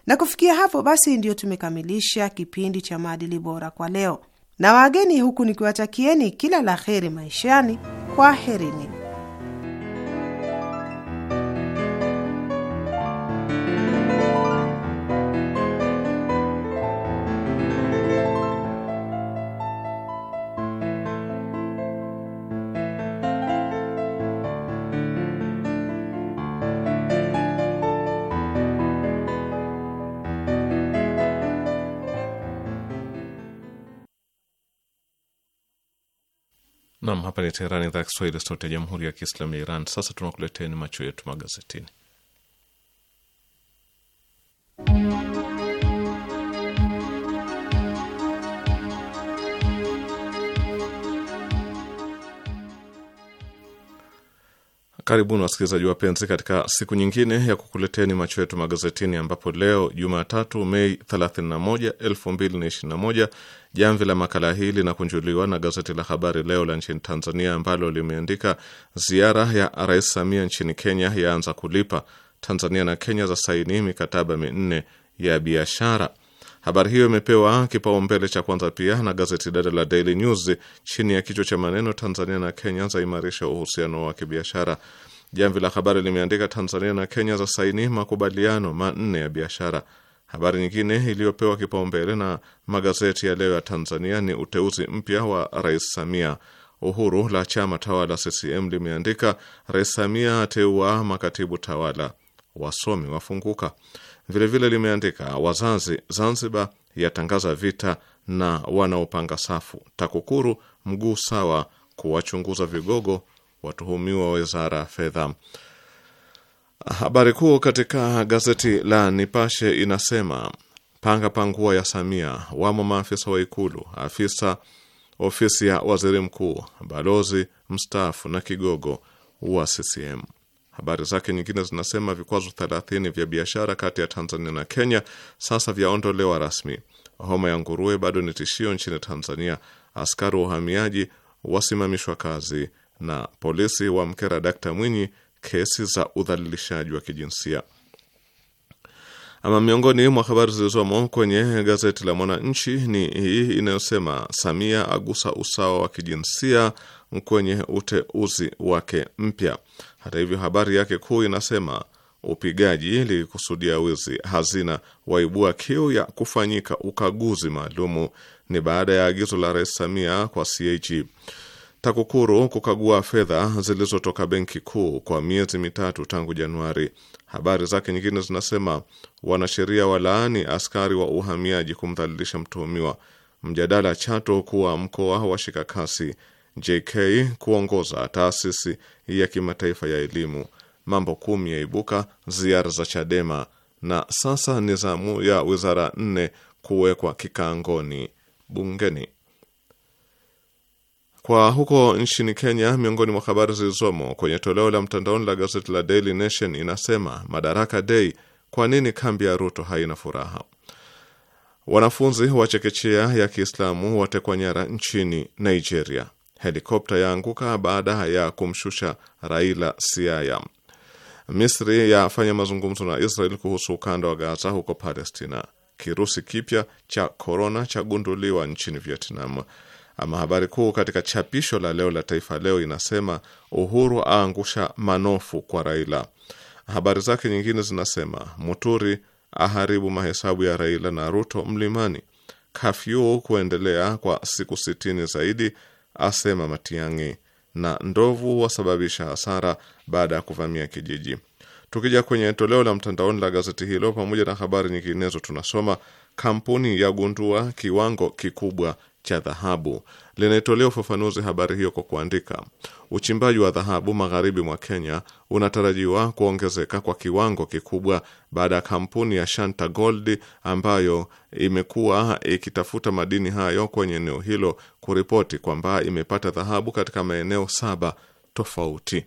D: Na kufikia hapo basi, ndiyo tumekamilisha kipindi cha maadili bora kwa leo na wageni, huku nikiwatakieni kila la heri maishani. kwa herini.
B: hapa ni Teherani, idhaa ya Kiswahili, sauti ya jamhuri ya kiislamu ya Iran. Sasa tunakuleteni macho yetu magazetini. Karibuni wasikilizaji wapenzi, katika siku nyingine ya kukuleteni macho yetu magazetini, ambapo leo Jumatatu Mei 31, 2021 jamvi la makala hii linakunjuliwa na gazeti la Habari Leo la nchini Tanzania ambalo limeandika ziara ya Rais Samia nchini Kenya yaanza kulipa. Tanzania na Kenya za saini mikataba minne ya biashara. Habari hiyo imepewa kipaumbele cha kwanza pia na gazeti dada la Daily News chini ya kichwa cha maneno Tanzania na Kenya zaimarisha uhusiano wa kibiashara. Jamvi la Habari limeandika Tanzania na Kenya za saini makubaliano manne ya biashara. Habari nyingine iliyopewa kipaumbele na magazeti ya leo ya Tanzania ni uteuzi mpya wa Rais Samia. Uhuru la chama tawala CCM limeandika Rais Samia ateua makatibu tawala, wasomi wafunguka. Vilevile limeandika wazazi Zanzibar yatangaza vita na wanaopanga safu, TAKUKURU mguu sawa kuwachunguza vigogo watuhumiwa wizara ya fedha. Habari kuu katika gazeti la Nipashe inasema panga pangua ya Samia, wamo maafisa wa Ikulu, afisa ofisi ya waziri mkuu, balozi mstaafu na kigogo wa CCM. Habari zake nyingine zinasema vikwazo 30 vya biashara kati ya Tanzania na Kenya sasa vyaondolewa rasmi. Homa ya nguruwe bado ni tishio nchini Tanzania. Askari wa uhamiaji wasimamishwa kazi, na polisi wa mkera Dakta Mwinyi kesi za udhalilishaji wa kijinsia. Ama miongoni mwa habari zilizomo kwenye gazeti la Mwananchi ni hii inayosema Samia agusa usawa wa kijinsia kwenye uteuzi wake mpya. Hata hivyo, habari yake kuu inasema upigaji lilikusudia wizi hazina waibua kiu ya kufanyika ukaguzi maalumu. Ni baada ya agizo la Rais Samia kwa CAG e. TAKUKURU kukagua fedha zilizotoka benki kuu kwa miezi mitatu tangu Januari. Habari zake nyingine zinasema wanasheria walaani askari wa uhamiaji kumdhalilisha mtuhumiwa, mjadala Chato kuwa mkoa wa shikakasi JK kuongoza taasisi ya kimataifa ya elimu, mambo kumi yaibuka, ziara za Chadema na sasa ni zamu ya wizara nne kuwekwa kikangoni bungeni. Kwa huko nchini Kenya, miongoni mwa habari zilizomo kwenye toleo la mtandaoni la gazeti la Daily Nation inasema Madaraka Day, kwa nini kambi ya Ruto haina furaha? Wanafunzi wa chekechea ya Kiislamu watekwa nyara nchini Nigeria. Helikopta yaanguka baada ya kumshusha Raila Siaya. Misri yafanya mazungumzo na Israel kuhusu ukanda wa Gaza huko Palestina. Kirusi kipya cha korona chagunduliwa nchini Vietnam. Ama habari kuu katika chapisho la leo la Taifa Leo inasema Uhuru aangusha manofu kwa Raila. Habari zake nyingine zinasema Muturi aharibu mahesabu ya Raila na Ruto mlimani, kafyu kuendelea kwa siku sitini zaidi asema Matiang'i, na ndovu wasababisha hasara baada ya kuvamia kijiji. Tukija kwenye toleo la mtandaoni la gazeti hilo, pamoja na habari nyinginezo, tunasoma kampuni yagundua kiwango kikubwa cha dhahabu. Linaitolea ufafanuzi habari hiyo kwa kuandika, uchimbaji wa dhahabu magharibi mwa Kenya unatarajiwa kuongezeka kwa kiwango kikubwa baada ya kampuni ya Shanta Gold ambayo imekuwa ikitafuta madini hayo kwenye eneo hilo kuripoti kwamba imepata dhahabu katika maeneo saba tofauti.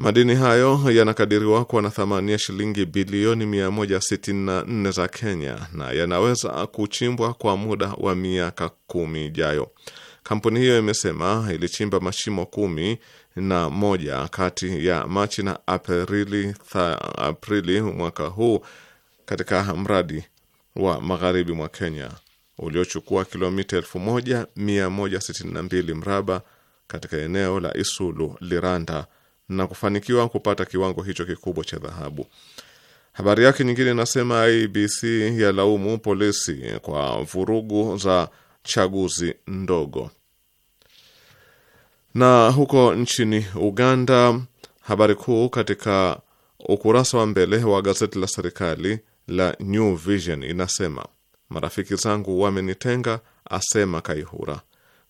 B: Madini hayo yanakadiriwa kuwa na thamani ya shilingi bilioni 164 za Kenya na yanaweza kuchimbwa kwa muda wa miaka kumi ijayo. Kampuni hiyo imesema ilichimba mashimo kumi na moja kati ya Machi na Aprili, tha, Aprili mwaka huu katika mradi wa magharibi mwa Kenya uliochukua kilomita 1162 mraba katika eneo la Isulu Liranda na kufanikiwa kupata kiwango hicho kikubwa cha dhahabu. Habari yake nyingine inasema IBC yalaumu polisi kwa vurugu za chaguzi ndogo. Na huko nchini Uganda, habari kuu katika ukurasa wa mbele wa gazeti la serikali la New Vision inasema marafiki zangu wamenitenga, asema Kaihura.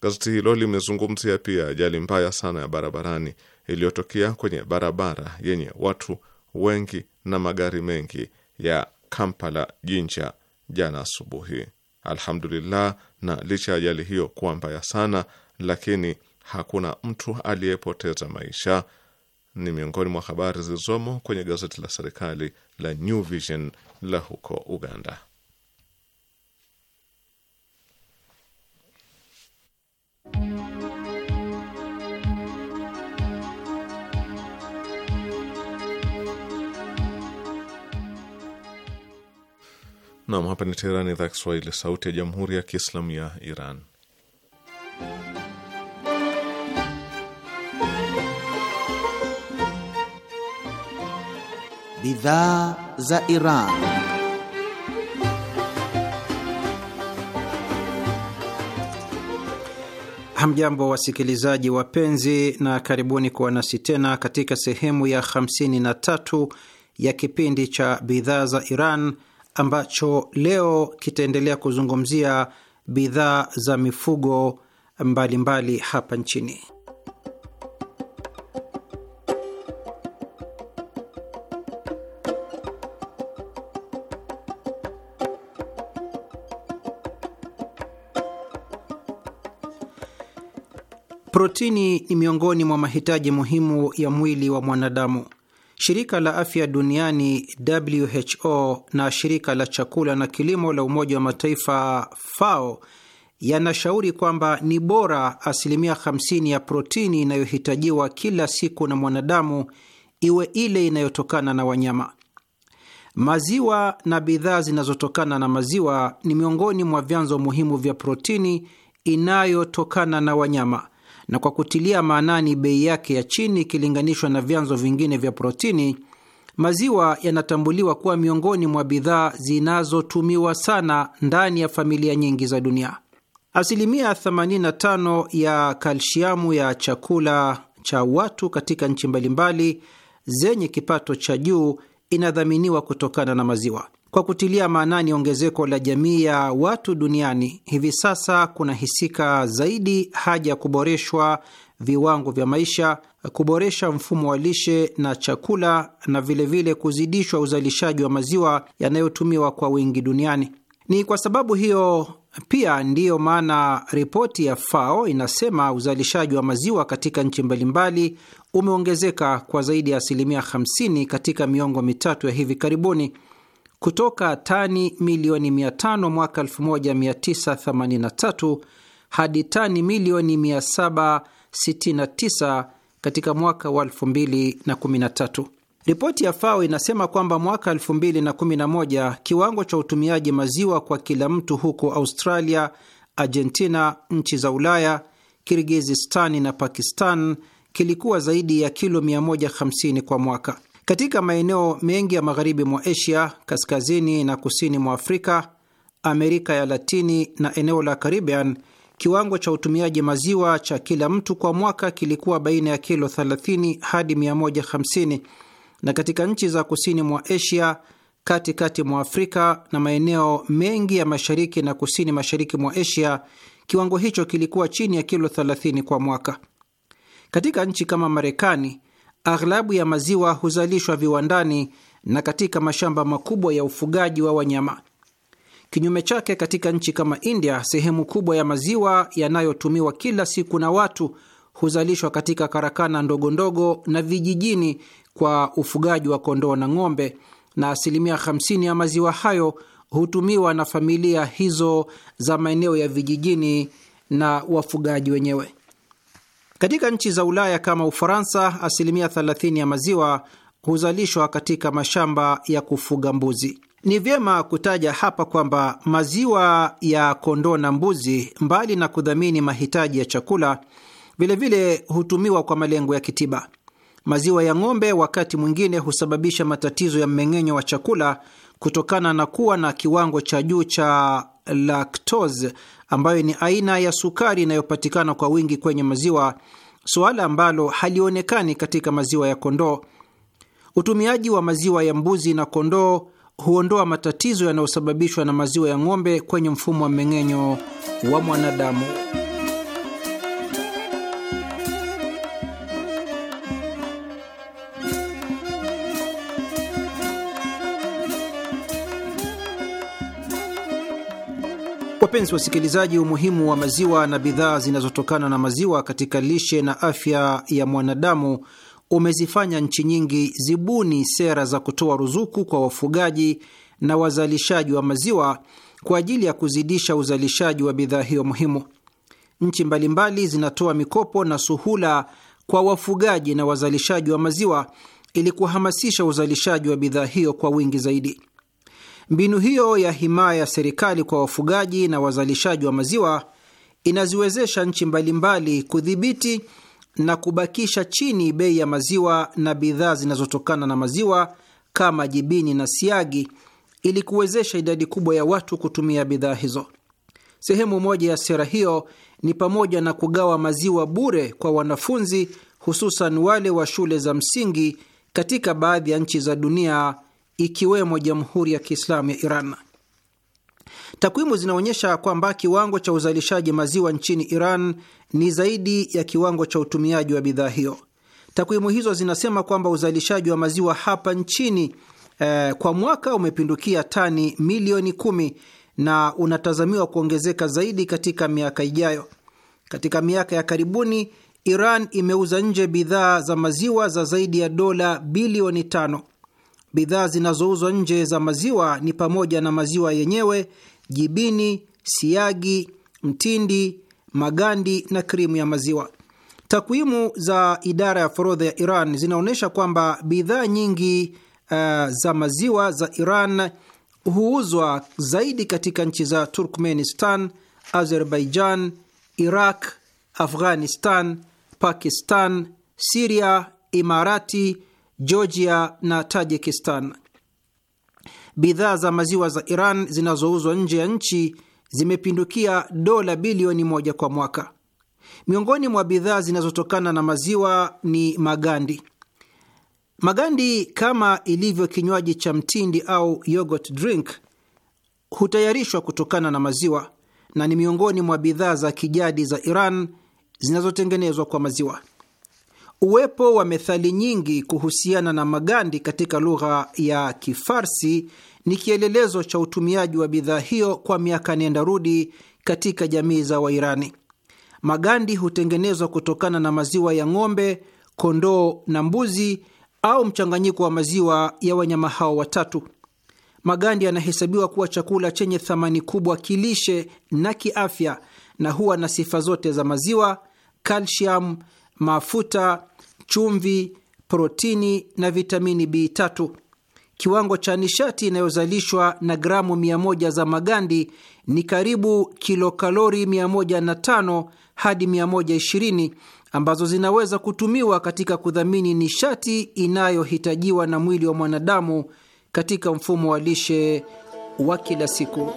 B: Gazeti hilo limezungumzia pia ajali mbaya sana ya barabarani iliyotokea kwenye barabara yenye watu wengi na magari mengi ya Kampala Jinja jana asubuhi. Alhamdulillah, na licha ya ajali hiyo kuwa mbaya sana, lakini hakuna mtu aliyepoteza maisha. Ni miongoni mwa habari zilizomo kwenye gazeti la serikali la New Vision la huko Uganda. Nam, hapa ni Teherani, idhaa Kiswahili, sauti ya jamhuri ya kiislamu ya Iran.
C: Bidhaa za Iran. Hamjambo wasikilizaji wapenzi, na karibuni kuwa nasi tena katika sehemu ya 53 ya kipindi cha bidhaa za Iran ambacho leo kitaendelea kuzungumzia bidhaa za mifugo mbalimbali mbali hapa nchini. Protini ni miongoni mwa mahitaji muhimu ya mwili wa mwanadamu. Shirika la Afya Duniani WHO na Shirika la Chakula na Kilimo la Umoja wa Mataifa FAO yanashauri kwamba ni bora asilimia 50 ya protini inayohitajiwa kila siku na mwanadamu iwe ile inayotokana na wanyama. Maziwa na bidhaa zinazotokana na maziwa ni miongoni mwa vyanzo muhimu vya protini inayotokana na wanyama na kwa kutilia maanani bei yake ya chini ikilinganishwa na vyanzo vingine vya protini, maziwa yanatambuliwa kuwa miongoni mwa bidhaa zinazotumiwa sana ndani ya familia nyingi za dunia. Asilimia 85 ya kalsiamu ya chakula cha watu katika nchi mbalimbali zenye kipato cha juu inadhaminiwa kutokana na maziwa. Kwa kutilia maanani ongezeko la jamii ya watu duniani, hivi sasa kunahisika zaidi haja ya kuboreshwa viwango vya maisha, kuboresha mfumo wa lishe na chakula, na vilevile vile kuzidishwa uzalishaji wa maziwa yanayotumiwa kwa wingi duniani. Ni kwa sababu hiyo pia ndiyo maana ripoti ya FAO inasema uzalishaji wa maziwa katika nchi mbalimbali umeongezeka kwa zaidi ya asilimia 50 katika miongo mitatu ya hivi karibuni kutoka tani milioni 500 mwaka 1983 hadi tani milioni 769 katika mwaka wa 2013. Ripoti ya FAO inasema kwamba mwaka 2011 kiwango cha utumiaji maziwa kwa kila mtu huko Australia, Argentina, nchi za Ulaya, Kirgizistani na Pakistan kilikuwa zaidi ya kilo 150 kwa mwaka. Katika maeneo mengi ya magharibi mwa Asia, kaskazini na kusini mwa Afrika, Amerika ya Latini na eneo la Caribbean, kiwango cha utumiaji maziwa cha kila mtu kwa mwaka kilikuwa baina ya kilo 30 hadi 150, na katika nchi za kusini mwa Asia, katikati kati mwa Afrika na maeneo mengi ya mashariki na kusini mashariki mwa Asia, kiwango hicho kilikuwa chini ya kilo 30 kwa mwaka. Katika nchi kama Marekani, Aghlabu ya maziwa huzalishwa viwandani na katika mashamba makubwa ya ufugaji wa wanyama. Kinyume chake, katika nchi kama India, sehemu kubwa ya maziwa yanayotumiwa kila siku na watu huzalishwa katika karakana ndogo ndogo na vijijini kwa ufugaji wa kondoo na ng'ombe, na asilimia 50 ya maziwa hayo hutumiwa na familia hizo za maeneo ya vijijini na wafugaji wenyewe. Katika nchi za Ulaya kama Ufaransa, asilimia 30 ya maziwa huzalishwa katika mashamba ya kufuga mbuzi. Ni vyema kutaja hapa kwamba maziwa ya kondoo na mbuzi, mbali na kudhamini mahitaji ya chakula, vilevile hutumiwa kwa malengo ya kitiba. Maziwa ya ng'ombe wakati mwingine husababisha matatizo ya mmeng'enyo wa chakula kutokana na kuwa na kiwango cha juu cha lactose ambayo ni aina ya sukari inayopatikana kwa wingi kwenye maziwa, suala ambalo halionekani katika maziwa ya kondoo. Utumiaji wa maziwa ya mbuzi na kondoo huondoa matatizo yanayosababishwa na maziwa ya ng'ombe kwenye mfumo wa mmeng'enyo wa mwanadamu. Wapenzi wasikilizaji, umuhimu wa maziwa na bidhaa zinazotokana na maziwa katika lishe na afya ya mwanadamu umezifanya nchi nyingi zibuni sera za kutoa ruzuku kwa wafugaji na wazalishaji wa maziwa kwa ajili ya kuzidisha uzalishaji wa bidhaa hiyo muhimu. Nchi mbalimbali zinatoa mikopo na suhula kwa wafugaji na wazalishaji wa maziwa ili kuhamasisha uzalishaji wa bidhaa hiyo kwa wingi zaidi. Mbinu hiyo ya himaya ya serikali kwa wafugaji na wazalishaji wa maziwa inaziwezesha nchi mbalimbali kudhibiti na kubakisha chini bei ya maziwa na bidhaa zinazotokana na maziwa kama jibini na siagi ili kuwezesha idadi kubwa ya watu kutumia bidhaa hizo. Sehemu moja ya sera hiyo ni pamoja na kugawa maziwa bure kwa wanafunzi, hususan wale wa shule za msingi katika baadhi ya nchi za dunia ikiwemo Jamhuri ya Kiislamu ya Iran. Takwimu zinaonyesha kwamba kiwango cha uzalishaji maziwa nchini Iran ni zaidi ya kiwango cha utumiaji wa bidhaa hiyo. Takwimu hizo zinasema kwamba uzalishaji wa maziwa hapa nchini eh, kwa mwaka umepindukia tani milioni kumi na unatazamiwa kuongezeka zaidi katika miaka ijayo. Katika miaka ya karibuni Iran imeuza nje bidhaa za maziwa za zaidi ya dola bilioni tano. Bidhaa zinazouzwa nje za maziwa ni pamoja na maziwa yenyewe, jibini, siagi, mtindi, magandi na krimu ya maziwa. Takwimu za idara ya forodha ya Iran zinaonyesha kwamba bidhaa nyingi uh, za maziwa za Iran huuzwa zaidi katika nchi za Turkmenistan, Azerbaijan, Iraq, Afghanistan, Pakistan, Siria, Imarati, Georgia na Tajikistan. Bidhaa za maziwa za Iran zinazouzwa nje ya nchi zimepindukia dola bilioni moja kwa mwaka. Miongoni mwa bidhaa zinazotokana na maziwa ni magandi. Magandi, kama ilivyo kinywaji cha mtindi au yogurt drink, hutayarishwa kutokana na maziwa na ni miongoni mwa bidhaa za kijadi za Iran zinazotengenezwa kwa maziwa. Uwepo wa methali nyingi kuhusiana na magandi katika lugha ya Kifarsi ni kielelezo cha utumiaji wa bidhaa hiyo kwa miaka nenda rudi katika jamii za Wairani. Magandi hutengenezwa kutokana na maziwa ya ng'ombe, kondoo na mbuzi au mchanganyiko wa maziwa ya wanyama hao watatu. Magandi yanahesabiwa kuwa chakula chenye thamani kubwa kilishe na kiafya, na huwa na sifa zote za maziwa, kalsiamu mafuta, chumvi, protini na vitamini B3. Kiwango cha nishati inayozalishwa na gramu 100 za magandi ni karibu kilokalori 105 hadi 120 ambazo zinaweza kutumiwa katika kudhamini nishati inayohitajiwa na mwili wa mwanadamu katika mfumo wa lishe wa kila siku.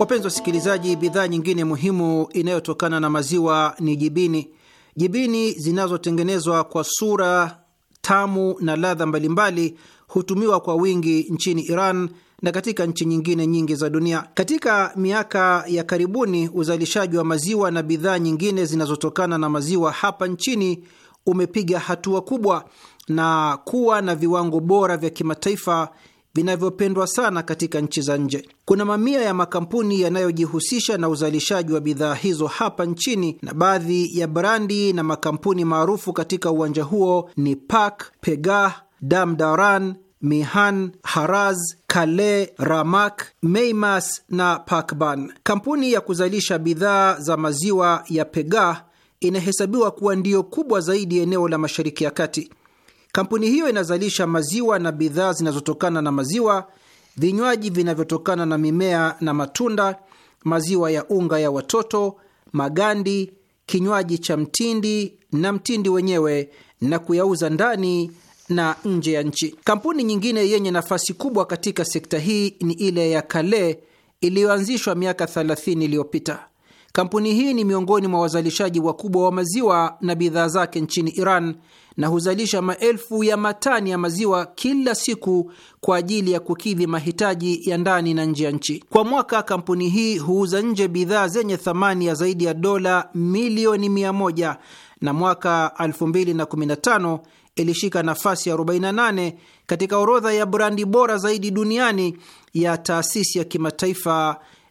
C: Wapenzi wasikilizaji, bidhaa nyingine muhimu inayotokana na maziwa ni jibini. Jibini zinazotengenezwa kwa sura tamu na ladha mbalimbali hutumiwa kwa wingi nchini Iran na katika nchi nyingine nyingi za dunia. Katika miaka ya karibuni, uzalishaji wa maziwa na bidhaa nyingine zinazotokana na maziwa hapa nchini umepiga hatua kubwa na kuwa na viwango bora vya kimataifa vinavyopendwa sana katika nchi za nje. Kuna mamia ya makampuni yanayojihusisha na uzalishaji wa bidhaa hizo hapa nchini, na baadhi ya brandi na makampuni maarufu katika uwanja huo ni Pak, Pegah, Damdaran, Mihan, Haraz, Kale, Ramak, Meimas na Pakban. Kampuni ya kuzalisha bidhaa za maziwa ya Pegah inahesabiwa kuwa ndiyo kubwa zaidi eneo la Mashariki ya Kati. Kampuni hiyo inazalisha maziwa na bidhaa zinazotokana na maziwa, vinywaji vinavyotokana na mimea na matunda, maziwa ya unga ya watoto, magandi, kinywaji cha mtindi na mtindi wenyewe, na kuyauza ndani na nje ya nchi. Kampuni nyingine yenye nafasi kubwa katika sekta hii ni ile ya Kale iliyoanzishwa miaka 30 iliyopita. Kampuni hii ni miongoni mwa wazalishaji wakubwa wa maziwa na bidhaa zake nchini Iran na huzalisha maelfu ya matani ya maziwa kila siku kwa ajili ya kukidhi mahitaji ya ndani na nje ya nchi. Kwa mwaka, kampuni hii huuza nje bidhaa zenye thamani ya zaidi ya dola milioni mia na mwaka 2015 ilishika nafasi ya 48 katika orodha ya brandi bora zaidi duniani ya taasisi ya kimataifa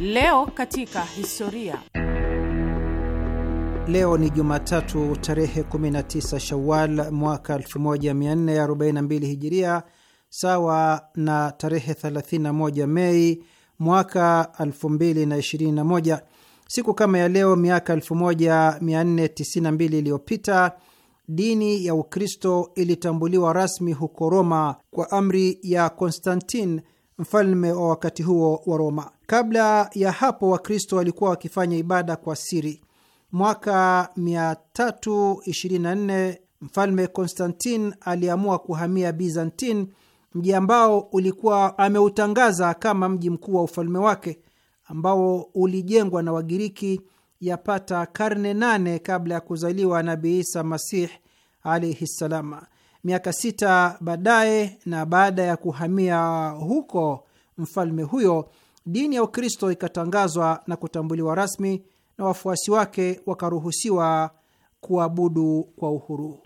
E: Leo katika historia.
C: Leo ni Jumatatu tarehe 19 Shawal mwaka 1442 Hijiria, sawa na tarehe 31 Mei mwaka 2021. Siku kama ya leo miaka 1492 iliyopita dini ya Ukristo ilitambuliwa rasmi huko Roma kwa amri ya Konstantin, mfalme wa wakati huo wa Roma. Kabla ya hapo Wakristo walikuwa wakifanya ibada kwa siri. Mwaka 324 mfalme Konstantin aliamua kuhamia Bizantin, mji ambao ulikuwa ameutangaza kama mji mkuu wa ufalme wake ambao ulijengwa na Wagiriki yapata karne nane kabla ya kuzaliwa Nabi Isa Masih alaihi ssalam. Miaka sita baadaye na baada ya kuhamia huko, mfalme huyo dini ya Ukristo ikatangazwa na kutambuliwa rasmi na wafuasi wake wakaruhusiwa kuabudu kwa uhuru.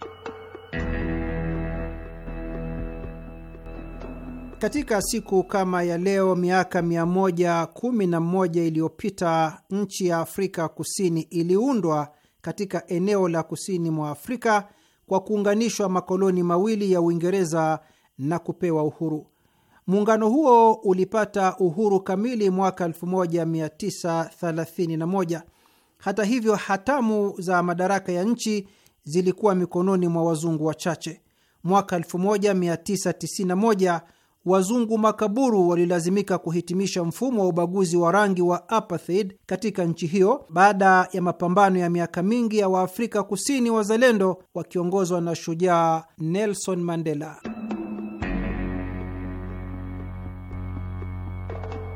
C: Katika siku kama ya leo miaka 111 iliyopita nchi ya Afrika Kusini iliundwa katika eneo la kusini mwa Afrika kwa kuunganishwa makoloni mawili ya Uingereza na kupewa uhuru. Muungano huo ulipata uhuru kamili mwaka 1931. Hata hivyo, hatamu za madaraka ya nchi zilikuwa mikononi mwa wazungu wachache. Mwaka 1991 wazungu makaburu walilazimika kuhitimisha mfumo wa ubaguzi wa rangi wa apartheid katika nchi hiyo baada ya mapambano ya miaka mingi ya Waafrika Kusini wazalendo wakiongozwa na shujaa Nelson Mandela.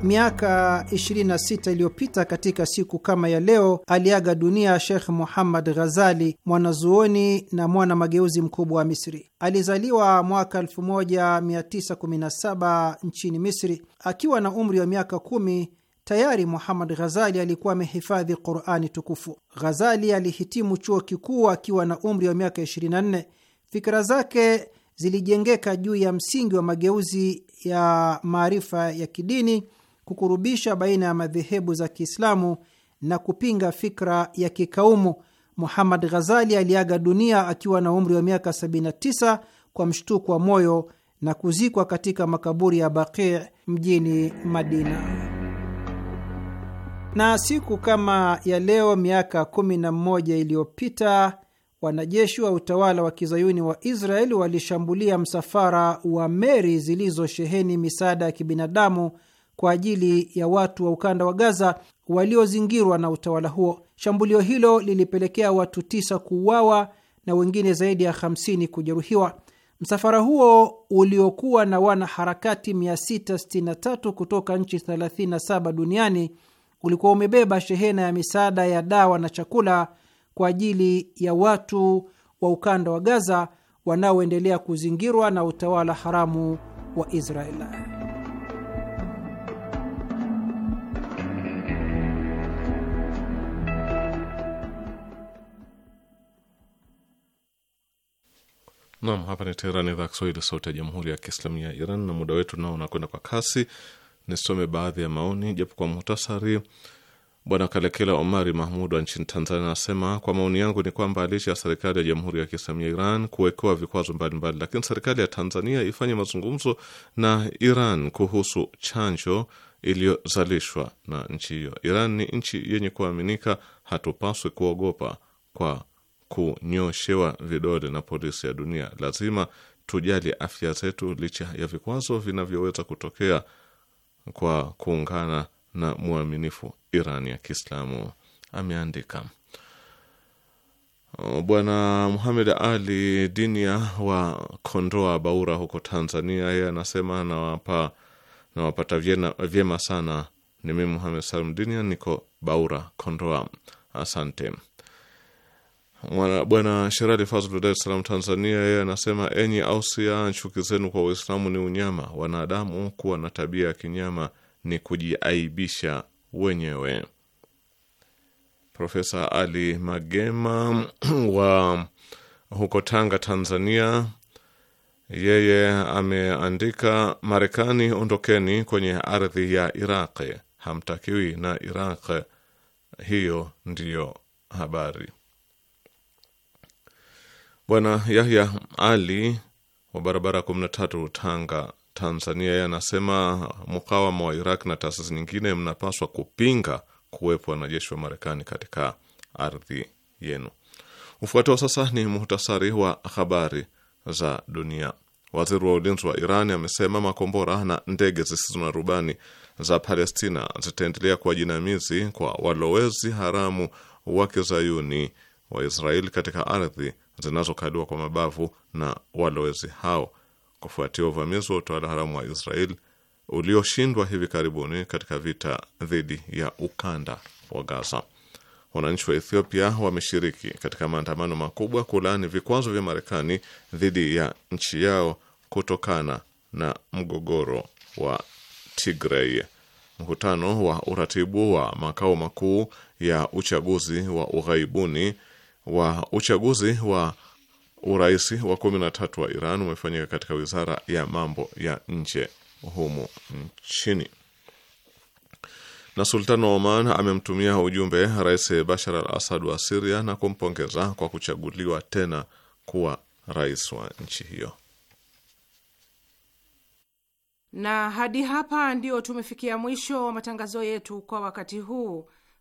C: Miaka 26 iliyopita katika siku kama ya leo aliaga dunia Shekh Muhammad Ghazali, mwanazuoni na mwana mageuzi mkubwa wa Misri. Alizaliwa mwaka 1917 nchini Misri. Akiwa na umri wa miaka kumi tayari Muhammad Ghazali alikuwa amehifadhi Qurani tukufu. Ghazali alihitimu chuo kikuu akiwa na umri wa miaka 24. Fikira zake zilijengeka juu ya msingi wa mageuzi ya maarifa ya kidini kukurubisha baina ya madhehebu za Kiislamu na kupinga fikra ya kikaumu. Muhammad Ghazali aliaga dunia akiwa na umri wa miaka 79 kwa mshtuko wa moyo na kuzikwa katika makaburi ya Baqi mjini Madina. Na siku kama ya leo miaka kumi na mmoja iliyopita wanajeshi wa utawala wa kizayuni wa Israeli walishambulia msafara wa meli zilizosheheni misaada ya kibinadamu kwa ajili ya watu wa ukanda wa Gaza waliozingirwa na utawala huo. Shambulio hilo lilipelekea watu tisa kuuawa na wengine zaidi ya 50 kujeruhiwa. Msafara huo uliokuwa na wanaharakati 663 kutoka nchi 37 duniani ulikuwa umebeba shehena ya misaada ya dawa na chakula kwa ajili ya watu wa ukanda wa Gaza wanaoendelea kuzingirwa na utawala haramu wa Israeli.
B: Nam, hapa ni Teherani, idhaa Kiswahili, sauti ya jamhuri ya kiislamu ya Iran. Na muda wetu nao unakwenda kwa kasi, nisome baadhi ya maoni japo kwa muhtasari. Bwana Kalekela Omari Mahmud wa nchini Tanzania anasema kwa maoni yangu ni kwamba licha ya serikali ya jamhuri ya kiislamu ya Iran kuwekewa vikwazo mbalimbali, lakini serikali ya Tanzania ifanye mazungumzo na Iran kuhusu chanjo iliyozalishwa na nchi hiyo. Iran ni nchi yenye kuaminika, hatupaswi kuogopa kwa kunyoshewa vidole na polisi ya dunia. Lazima tujali afya zetu licha ya vikwazo vinavyoweza kutokea kwa kuungana na mwaminifu Iran ya Kiislamu, ameandika oh, Bwana Muhamed Ali Dinia wa Kondoa Baura huko Tanzania. Yeye anasema nawapa nawapata vyema sana. Ni mimi Muhamed Salum Dinia, niko Baura Kondoa. Asante. Bwana Sherali Fazl wa Dar es Salaam, Tanzania, yeye anasema enyi Ausia, chuki zenu kwa Uislamu ni unyama. Wanadamu kuwa na tabia ya kinyama ni kujiaibisha wenyewe. Profesa Ali Magema wa huko Tanga, Tanzania, yeye ameandika, Marekani ondokeni kwenye ardhi ya Iraq, hamtakiwi na Iraq. Hiyo ndiyo habari. Bwana Yahya Ali wa barabara 13 Tanga, Tanzania, yeye anasema mkawama wa Iraq na taasisi nyingine mnapaswa kupinga kuwepo wanajeshi wa Marekani katika ardhi yenu. Ufuatao sasa ni muhtasari wa habari za dunia. Waziri wa ulinzi wa Iran amesema makombora na ndege zisizo na rubani za Palestina zitaendelea kuwa jinamizi kwa walowezi haramu wa kizayuni wa Israeli katika ardhi zinazokaliwa kwa mabavu na walowezi hao kufuatia uvamizi wa utawala haramu wa Israel ulioshindwa hivi karibuni katika vita dhidi ya ukanda wa Gaza. Wananchi wa Ethiopia wameshiriki katika maandamano makubwa kulaani vikwazo vya Marekani dhidi ya nchi yao kutokana na mgogoro wa Tigray. Mkutano wa uratibu wa makao makuu ya uchaguzi wa ughaibuni wa uchaguzi wa urais wa kumi na tatu wa Iran umefanyika katika wizara ya mambo ya nje humu nchini. Na sultan wa Oman amemtumia ujumbe Rais Bashar al assad wa Siria na kumpongeza kwa kuchaguliwa tena kuwa rais wa nchi hiyo.
E: Na hadi hapa ndio tumefikia mwisho wa matangazo yetu kwa wakati huu.